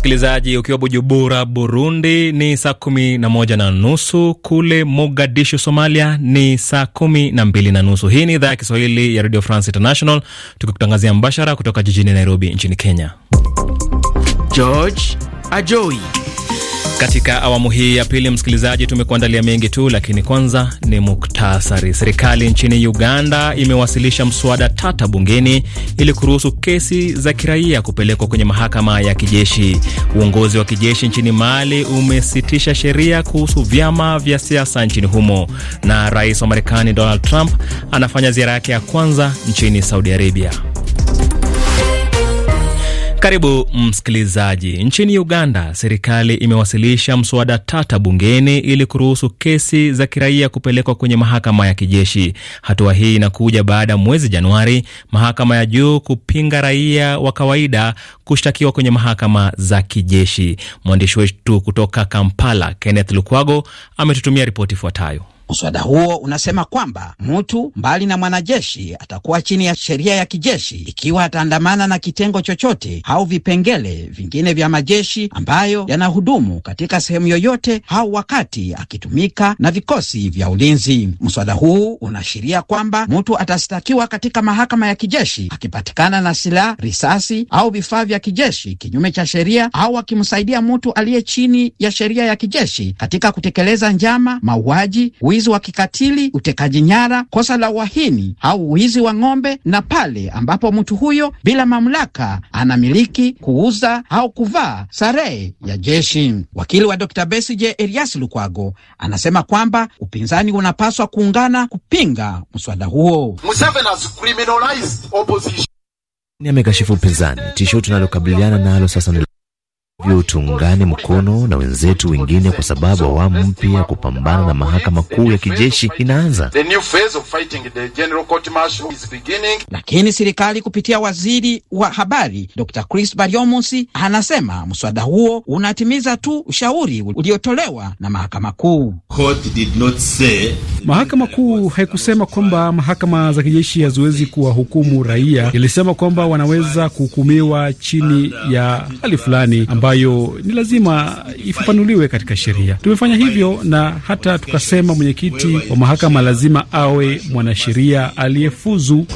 Msikilizaji, ukiwa bujubura Burundi ni saa kumi na moja na nusu kule Mogadishu, Somalia ni saa kumi na mbili na nusu Hii ni idhaa ya Kiswahili ya Radio France International, tukikutangazia mbashara kutoka jijini Nairobi nchini Kenya. George Ajoi katika awamu hii ya pili, msikilizaji, tumekuandalia mengi tu, lakini kwanza ni muktasari. Serikali nchini Uganda imewasilisha mswada tata bungeni ili kuruhusu kesi za kiraia kupelekwa kwenye mahakama ya kijeshi. Uongozi wa kijeshi nchini Mali umesitisha sheria kuhusu vyama vya siasa nchini humo, na rais wa Marekani Donald Trump anafanya ziara yake ya kwanza nchini Saudi Arabia. Karibu msikilizaji. Nchini Uganda, serikali imewasilisha mswada tata bungeni ili kuruhusu kesi za kiraia kupelekwa kwenye mahakama ya kijeshi. Hatua hii inakuja baada ya mwezi Januari mahakama ya juu kupinga raia wa kawaida kushtakiwa kwenye mahakama za kijeshi. Mwandishi wetu kutoka Kampala, Kenneth Lukwago, ametutumia ripoti ifuatayo. Mswada huo unasema kwamba mtu mbali na mwanajeshi atakuwa chini ya sheria ya kijeshi ikiwa ataandamana na kitengo chochote au vipengele vingine vya majeshi ambayo yanahudumu katika sehemu yoyote au wakati akitumika na vikosi vya ulinzi. Mswada huu unaashiria kwamba mtu atastakiwa katika mahakama ya kijeshi akipatikana na silaha, risasi au vifaa vya kijeshi kinyume cha sheria au akimsaidia mtu aliye chini ya sheria ya kijeshi katika kutekeleza njama, mauaji, wizi wizi wa kikatili, utekaji nyara, kosa la uhaini au wizi wa ng'ombe, na pale ambapo mtu huyo bila mamlaka anamiliki, kuuza au kuvaa sare ya jeshi. Wakili wa Dr. besije Elias Lukwago anasema kwamba upinzani unapaswa kuungana kupinga mswada huo. Amekashifu upinzani, tishio tunalokabiliana nalo sasa ni hivyo tuungane mkono na wenzetu wengine, kwa sababu awamu mpya kupambana na mahakama kuu ya kijeshi inaanza. Lakini serikali kupitia waziri wa habari Dr. Chris Baryomunsi anasema mswada huo unatimiza tu ushauri uliotolewa na mahakama kuu. Mahakama kuu haikusema kwamba mahakama za kijeshi haziwezi kuwahukumu raia, ilisema kwamba wanaweza kuhukumiwa chini ya hali fulani amba ambayo ni lazima ifafanuliwe katika sheria. Tumefanya hivyo na hata tukasema mwenyekiti wa mahakama lazima awe mwanasheria aliyefuzu.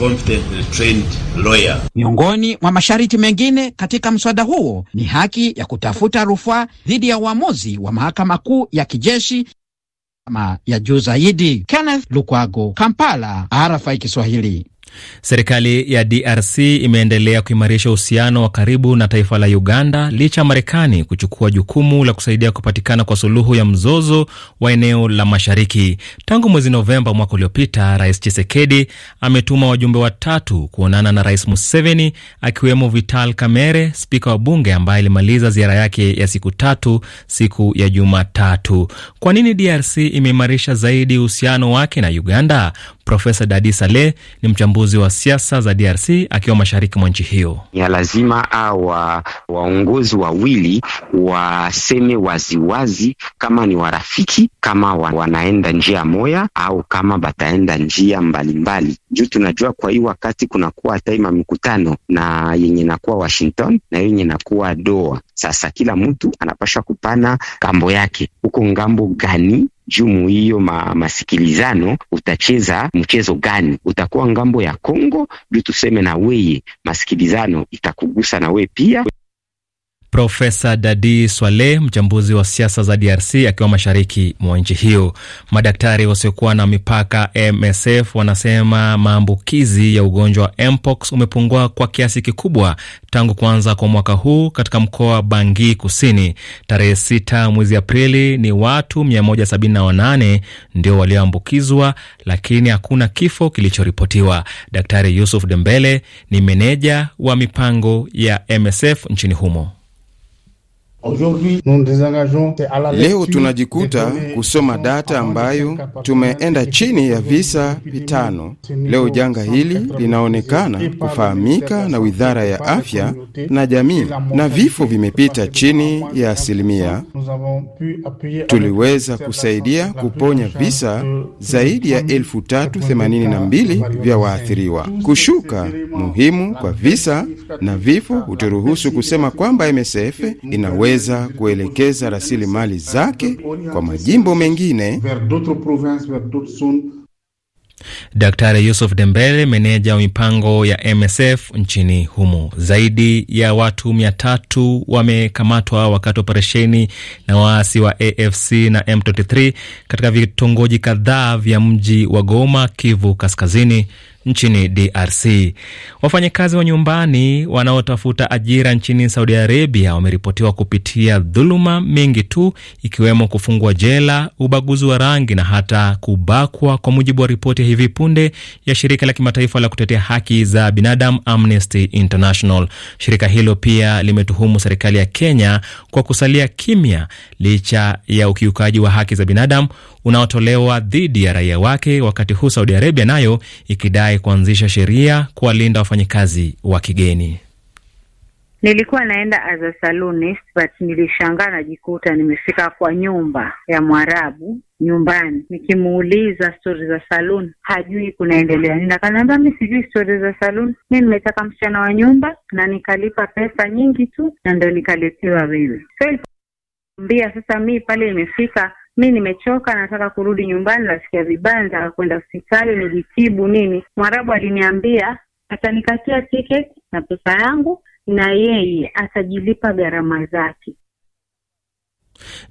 Miongoni mwa masharti mengine katika mswada huo ni haki ya kutafuta rufaa dhidi ya uamuzi wa mahakama kuu ya kijeshi ya juu zaidi. Kenneth Lukwago, Kampala, RFI Kiswahili. Serikali ya DRC imeendelea kuimarisha uhusiano wa karibu na taifa la Uganda licha ya Marekani kuchukua jukumu la kusaidia kupatikana kwa suluhu ya mzozo wa eneo la mashariki. Tangu mwezi Novemba mwaka uliopita, Rais Chisekedi ametuma wajumbe watatu kuonana na Rais Museveni, akiwemo Vital Kamere, spika wa bunge ambaye alimaliza ziara yake ya siku tatu siku ya Jumatatu. Kwa nini DRC imeimarisha zaidi uhusiano wake na Uganda? Profesa Dadi Saleh ni mchambuzi mchambuzi wa siasa za DRC akiwa mashariki mwa nchi hiyo. Ya lazima awa waongozi wawili waseme waziwazi kama ni warafiki, kama wanaenda njia moya au kama bataenda njia mbalimbali, juu tunajua kwa hii wakati kunakuwa taima mikutano na yenye nakuwa Washington na yenye nakuwa Doha. Sasa kila mtu anapashwa kupana kambo yake, huko ngambo gani jumu hiyo ma, masikilizano utacheza mchezo gani? Utakuwa ngambo ya Kongo juu tuseme na weye masikilizano itakugusa na weye pia. Profesa Dadi swale mchambuzi wa siasa za DRC akiwa mashariki mwa nchi hiyo. Madaktari wasiokuwa na mipaka MSF wanasema maambukizi ya ugonjwa wa mpox umepungua kwa kiasi kikubwa tangu kuanza kwa mwaka huu katika mkoa wa Bangi Kusini. Tarehe 6 mwezi Aprili ni watu 178 ndio walioambukizwa, lakini hakuna kifo kilichoripotiwa. Daktari Yusuf Dembele ni meneja wa mipango ya MSF nchini humo. Leo tunajikuta kusoma data ambayo tumeenda chini ya visa vitano. Leo janga hili linaonekana kufahamika na Wizara ya Afya na Jamii, na vifo vimepita chini ya asilimia. Tuliweza kusaidia kuponya visa zaidi ya elfu tatu themanini na mbili vya waathiriwa. Kushuka muhimu kwa visa na vifo huturuhusu kusema kwamba MSF inaweza inaweza kuelekeza rasilimali zake kwa majimbo mengine. Daktari Yusuf Dembele, meneja wa mipango ya MSF nchini humo. Zaidi ya watu mia tatu wamekamatwa wakati operesheni na waasi wa AFC na M23 katika vitongoji kadhaa vya mji wa Goma, Kivu Kaskazini, nchini DRC. Wafanyakazi wa nyumbani wanaotafuta ajira nchini Saudi Arabia wameripotiwa kupitia dhuluma mingi tu, ikiwemo kufungwa jela, ubaguzi wa rangi na hata kubakwa, kwa mujibu wa ripoti ya hivi punde ya shirika la kimataifa la kutetea haki za binadamu Amnesty International. Shirika hilo pia limetuhumu serikali ya Kenya kwa kusalia kimya licha ya ukiukaji wa haki za binadamu unaotolewa dhidi ya raia wake, wakati huu Saudi Arabia nayo ikidai baadaye kuanzisha sheria kuwalinda wafanyikazi wa kigeni. Nilikuwa naenda as a but nilishangaa najikuta nimefika kwa nyumba ya Mwarabu nyumbani, nikimuuliza stori za salun hajui kunaendelea nini. Akaniambia mi sijui stori za saluni mi nimetaka msichana wa nyumba na nikalipa pesa nyingi tu, na ndo nikaletewa wewe. So mbia sasa, mi pale imefika mi nimechoka, nataka kurudi nyumbani, nasikia vibaya, nataka kwenda hospitali nijitibu nini. Mwarabu aliniambia atanikatia tiketi na pesa yangu na yeye atajilipa gharama zake.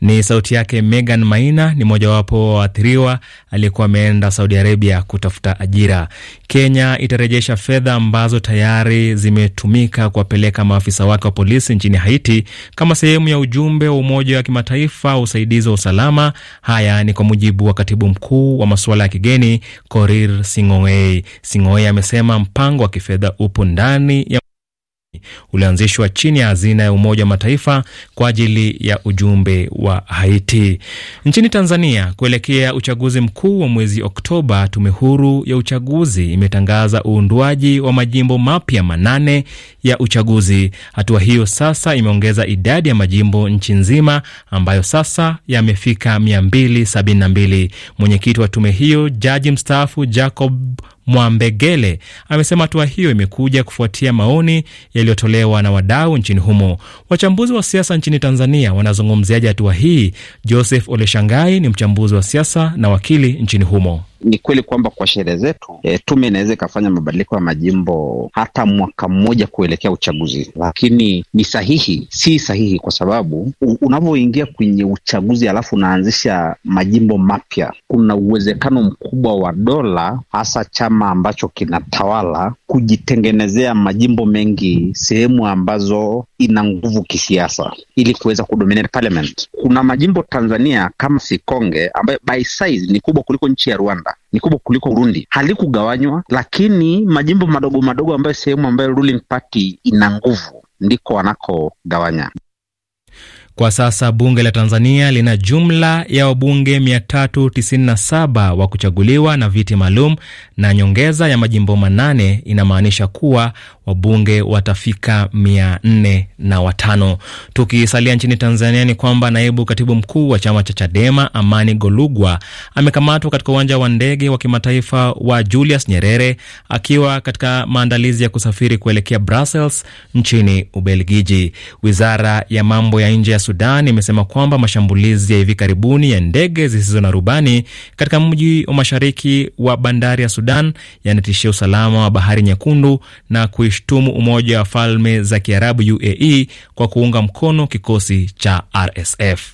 Ni sauti yake Megan Maina, ni mojawapo wa waathiriwa aliyekuwa ameenda Saudi Arabia kutafuta ajira. Kenya itarejesha fedha ambazo tayari zimetumika kuwapeleka maafisa wake wa polisi nchini Haiti kama sehemu ya ujumbe wa Umoja wa Kimataifa wa usaidizi wa usalama. Haya ni kwa mujibu wa katibu mkuu wa masuala ya kigeni Korir Singoei. Singoei amesema mpango wa kifedha upo ndani ya ulioanzishwa chini ya hazina ya Umoja wa Mataifa kwa ajili ya ujumbe wa Haiti. Nchini Tanzania, kuelekea uchaguzi mkuu wa mwezi Oktoba, tume huru ya uchaguzi imetangaza uundwaji wa majimbo mapya manane ya uchaguzi. Hatua hiyo sasa imeongeza idadi ya majimbo nchi nzima ambayo sasa yamefika 272. Mwenyekiti wa tume hiyo, jaji mstaafu Jacob Mwambegele amesema hatua hiyo imekuja kufuatia maoni yaliyotolewa na wadau nchini humo. Wachambuzi wa siasa nchini Tanzania wanazungumziaje hatua hii? Joseph Oleshangai ni mchambuzi wa siasa na wakili nchini humo ni kweli kwamba kwa sheria zetu e, tume inaweza ikafanya mabadiliko ya majimbo hata mwaka mmoja kuelekea uchaguzi, lakini ni sahihi si sahihi? Kwa sababu unavyoingia kwenye uchaguzi alafu unaanzisha majimbo mapya, kuna uwezekano mkubwa wa dola, hasa chama ambacho kinatawala, kujitengenezea majimbo mengi sehemu ambazo ina nguvu kisiasa, ili kuweza kudominate parliament. Kuna majimbo Tanzania kama Sikonge ambayo by size ni kubwa kuliko nchi ya Rwanda ni kubwa kuliko Burundi, halikugawanywa, lakini majimbo madogo madogo ambayo sehemu ambayo ruling party ina nguvu ndiko wanakogawanya. Kwa sasa bunge la Tanzania lina jumla ya wabunge 397 wa kuchaguliwa na viti maalum, na nyongeza ya majimbo manane inamaanisha kuwa wabunge watafika 405. Tukisalia nchini Tanzania, ni kwamba naibu katibu mkuu wa chama cha Chadema Amani Golugwa amekamatwa katika uwanja wa ndege wa kimataifa wa Julius Nyerere akiwa katika maandalizi ya kusafiri kuelekea Brussels nchini Ubelgiji. Wizara ya mambo ya nje ya Sudan imesema kwamba mashambulizi ya hivi karibuni ya ndege zisizo na rubani katika mji wa mashariki wa bandari ya Sudan yanatishia usalama wa bahari nyekundu na kuishtumu Umoja wa Falme za Kiarabu UAE kwa kuunga mkono kikosi cha RSF.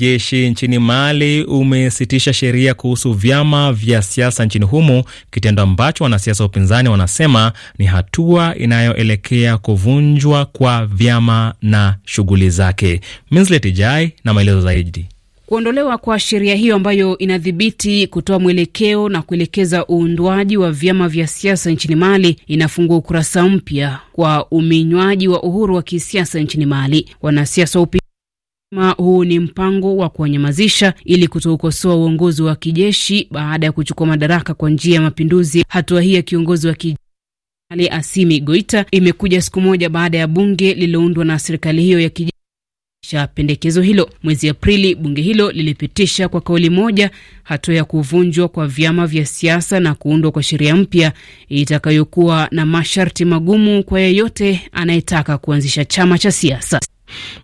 Jeshi nchini Mali umesitisha sheria kuhusu vyama vya siasa nchini humo, kitendo ambacho wanasiasa wa upinzani wanasema ni hatua inayoelekea kuvunjwa kwa vyama na shughuli zake. Minslet Jai na maelezo zaidi. Kuondolewa kwa sheria hiyo ambayo inadhibiti kutoa mwelekeo na kuelekeza uundwaji wa vyama vya siasa nchini Mali inafungua ukurasa mpya kwa uminywaji wa uhuru wa kisiasa nchini Mali. Wanasiasa Ma huu ni mpango wa kuwanyamazisha ili kutoukosoa uongozi wa kijeshi baada ya kuchukua madaraka kwa njia ya mapinduzi. Hatua hii ya kiongozi wa kijeshi Ali Asimi Goita imekuja siku moja baada ya bunge lililoundwa na serikali hiyo ya kijeshi pendekezo hilo. Mwezi Aprili, bunge hilo lilipitisha kwa kauli moja hatua ya kuvunjwa kwa vyama vya siasa na kuundwa kwa sheria mpya itakayokuwa na masharti magumu kwa yeyote anayetaka kuanzisha chama cha siasa.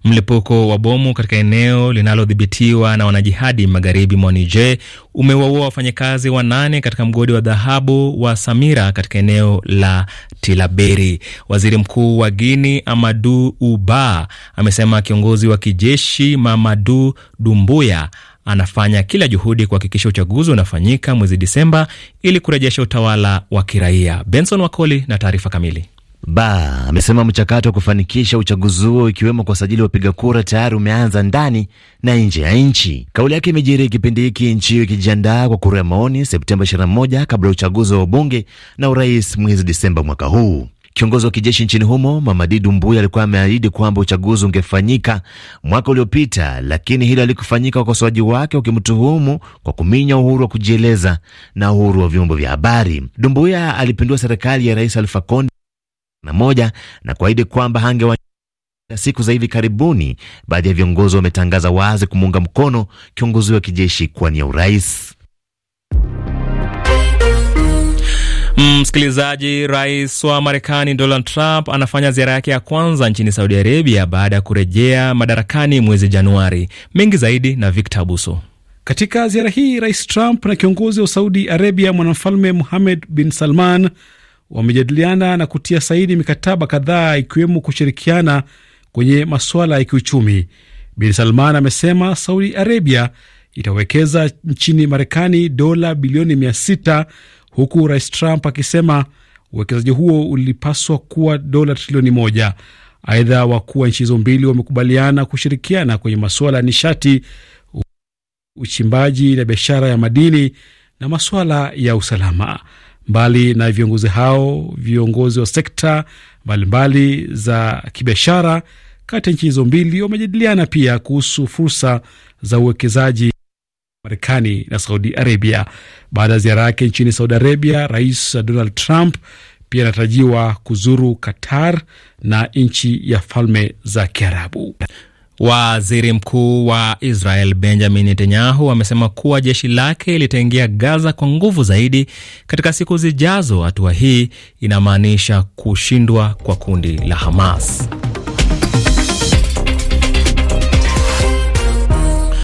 Mlipuko wa bomu katika eneo linalodhibitiwa na wanajihadi magharibi mwa Niger umewaua wafanyakazi wanane katika mgodi wa dhahabu wa Samira katika eneo la Tilaberi. Waziri Mkuu wa Guini Amadu Uba amesema kiongozi wa kijeshi Mamadu Dumbuya anafanya kila juhudi kuhakikisha uchaguzi unafanyika mwezi Disemba ili kurejesha utawala wa kiraia. Benson Wakoli na taarifa kamili. Ba amesema mchakato wa kufanikisha uchaguzi huo ikiwemo kwa sajili wapiga kura tayari umeanza ndani na nje ya nchi. Kauli yake imejiri kipindi hiki nchi hiyo ikijiandaa kwa kura ya maoni Septemba 21 kabla ya uchaguzi wa ubunge na urais mwezi Disemba mwaka huu. Kiongozi wa kijeshi nchini humo Mamadi Doumbouya alikuwa ameahidi kwamba uchaguzi ungefanyika mwaka uliopita, lakini hilo halikufanyika, wakosoaji wake wakimtuhumu kwa kuminya uhuru wa kujieleza na uhuru wa vyombo vya habari. dumbuya alipindua serikali ya Rais Alfa Conde moja na kuahidi kwamba hangewa siku za hivi karibuni, baadhi ya viongozi wametangaza wazi kumuunga mkono kiongozi wa kijeshi kuwania urais. Msikilizaji, rais wa Marekani Donald Trump anafanya ziara yake ya kwanza nchini Saudi Arabia baada ya kurejea madarakani mwezi Januari. Mengi zaidi na Victor Abuso. Katika ziara hii, rais Trump na kiongozi wa Saudi Arabia mwanamfalme Muhamed bin Salman wamejadiliana na kutia saini mikataba kadhaa ikiwemo kushirikiana kwenye masuala ya kiuchumi. Bin Salman amesema Saudi Arabia itawekeza nchini Marekani dola bilioni ia6 huku Rais Trump akisema uwekezaji huo ulipaswa kuwa dola trilioni moja. Aidha, wakuu wa nchi hizo mbili wamekubaliana kushirikiana kwenye masuala ya nishati, uchimbaji na biashara ya madini na masuala ya usalama. Mbali na viongozi hao, viongozi wa sekta mbalimbali za kibiashara kati ya nchi hizo mbili wamejadiliana pia kuhusu fursa za uwekezaji Marekani na Saudi Arabia. Baada ya ziara yake nchini Saudi Arabia, Rais Donald Trump pia anatarajiwa kuzuru Qatar na nchi ya Falme za Kiarabu. Waziri mkuu wa Israel Benjamin Netanyahu amesema kuwa jeshi lake litaingia Gaza kwa nguvu zaidi katika siku zijazo. Hatua hii inamaanisha kushindwa kwa kundi la Hamas.